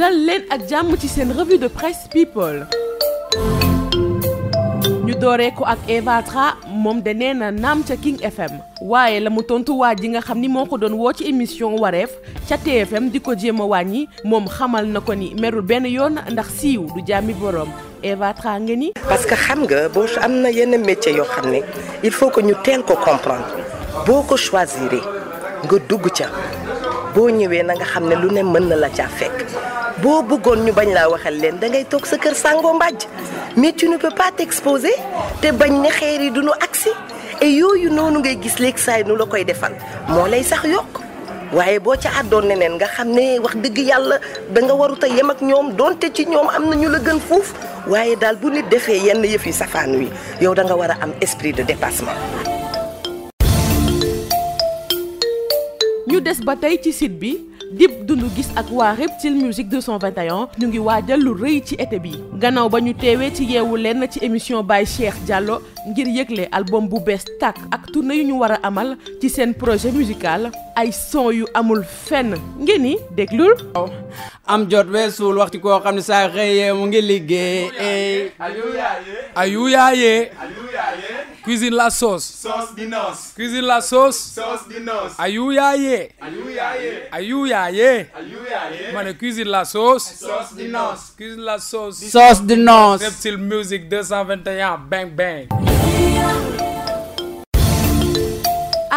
dal leen ak jàmm ci seen revue de presse people ñu dooree ko ak Eva Tra moom de nee na naam ca King FM waaye la mu tontu waa ji nga xam ni moo ko doon woo ci émission wareef ca TFM di ko jéem a wàññi moom xamal na ko ni merul benn yoon ndax siiw du jàmmi borom Eva Tra nga ni parce que xam nga boo am na yenn métier yoo xam ne il faut que ñu teel ko comprendre boo ko choisir nga dugg ca boo ñëwee na nga xam ne lu ne mën na la caa fekk boo bëggoon ñu bañ laa waxal leen da ngay toog sa kër sàngoo mbàjj mais tu ne peux te bañ ne xeer yi du ñu agsi et yooyu noonu ngay gis léegi saay nu la koy defal moo lay sax yokk waaye boo ca àddoon neneen nga xam ne wax dëgg yàlla da nga warut yem ak ñoom doonte ci ñoom am na ñu la gën fuuf waaye daal bu nit defee yenn yëf yi safaan wi yow da nga war a am esprit de dépassement. ñu des ba tey ci site bi. dib dundu gis ak waa Reptile Music 221 ñu ngi wajal lu reuy ci été bi gannaaw ba ñu teewee ci yewu leen ci émission Baye Cheikh Diallo ngir yëgle album bu bees tak ak tournée yu ñu wara amal ci sen projet musical ay son yu amul fenn ngeen ni déglul am jot wessul waxtu koo xam ne saa xëyee mu ngi liggé ayu yaaye ayu yaaye Cuisine la sauce. Sauce dinos, Cuisine la sauce. Sauce di yaïe, Ayouyaye. yaïe, ya, ye. Mane cuisine la sauce. Sauce dinos, Cuisine la sauce. Sauce dinos, Reptile Music 221. Bang bang.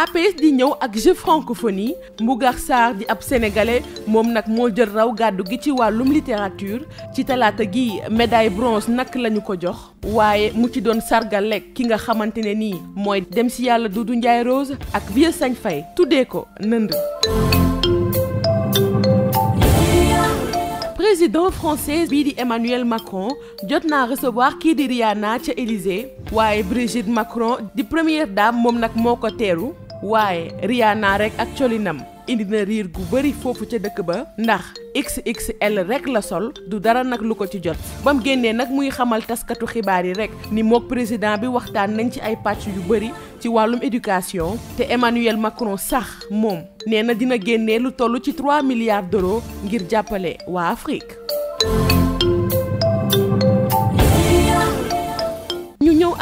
APS di ñëw ak jeu francophonie Mbougar Sarr di ab sénégalais mom nak mo jël raw gaddu gi ci walum littérature ci talata gi médaille bronze nak lañu ko jox waaye mu ci doon sargal lekk ki nga xamante ni moy dem ci yalla Doudou Ndiaye Rose ak Vieux Sagne fay tuddé ko neund président français bi di Emmanuel Macron jot naa recevoir ki di Rihanna ci Élysée waaye Brigitte Macron di première dame mom nak moko téru waaye Rihanna rek ak colinam indi na riir gu bëri foofu ca dëkk ba ndax XXL rek la sol du dara nag lu ko ci jot ba génnee nag muy xamal taskatu xibaar yi rek ni mook président bi waxtaan nañ ci ay pàcc yu bëri ci wàllum éducation te Emmanuel Macron sax moom nee na dina génnee lu toll ci 3 milliards d'euros ngir jàppale waa Afrique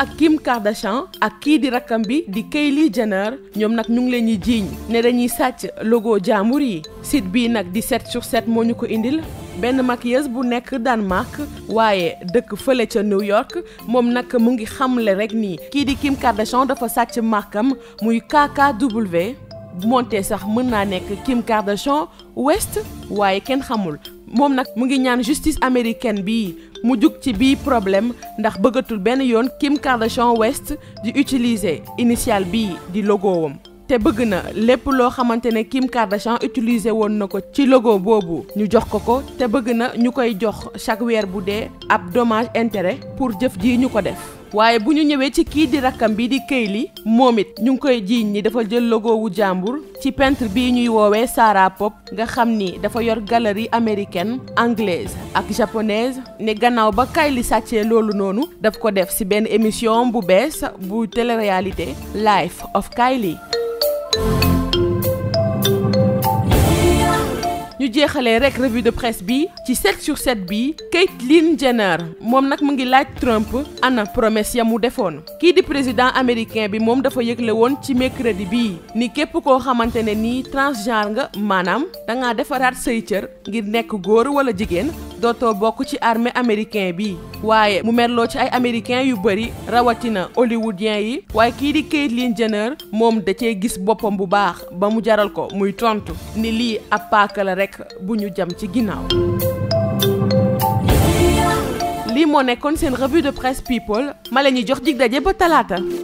ak Kim Kardashian ak kii di rakkam bi di lii janaar ñoom nag ñu ngi leen ñuy jiiñ ne dañuy sàcc logo jaambur yi siit bii nag di 7 sur moo ñu ko indil benn maquilleuse bu nekk Danemark waaye dëkk fële ca New York moom nag mu ngi xamle rek nii kii di Kim Kardashian dafa sàcc markam muy KKW monte sax mën naa nekk Kim Kardashian West waaye kenn xamul moom nag mu ñaan justice américaine bi mu jug ci bii problème ndax bëggatul benn yoon Kim Kardashian West di utiliser initial bii di logo wam. te bëgg na lépp loo xamante ne Kim Kardashian utiliser woon na ko ci logo boobu ñu jox ko ko te bëgg na ñu koy jox chaque weer bu dee ab dommage intérêt pour jëf ji ñu ko def waaye bu ñu ñëwee ci kii di rakkam bi di Kayli moom it ñu ngi koy jiiñ ni dafa jël logo wu jàmbur ci pentre bii ñuy woowee Sarah Pop nga xam ni dafa yor galerie américaine anglaise ak japonaise ne gannaaw ba Kayli sàccee loolu noonu daf ko def ci benn émission bu bees bu téléréalité Life of Kayli ñu rek revue de presse bi 7 sur 7 bi Caitlyn Jenner moom nag Trump ana promesse ya mu defoon di président américain bi moom dafa yëgle woon ci mercredi ni transgenre nga da ngir dootoo bokk ci armée américain bi waaye mu merloo ci ay américain yu bëri rawatina hollywoodien yi waaye kiiri kayit Caitlyn Jenner moom da cee gis boppam bu baax ba mu jaral ko muy tontu ni lii ab paaka la rekk bu ñu jam ci ginnaaw lii moo nekkoon seen revue de presse people ma la ñuy jox dig daje ba talaata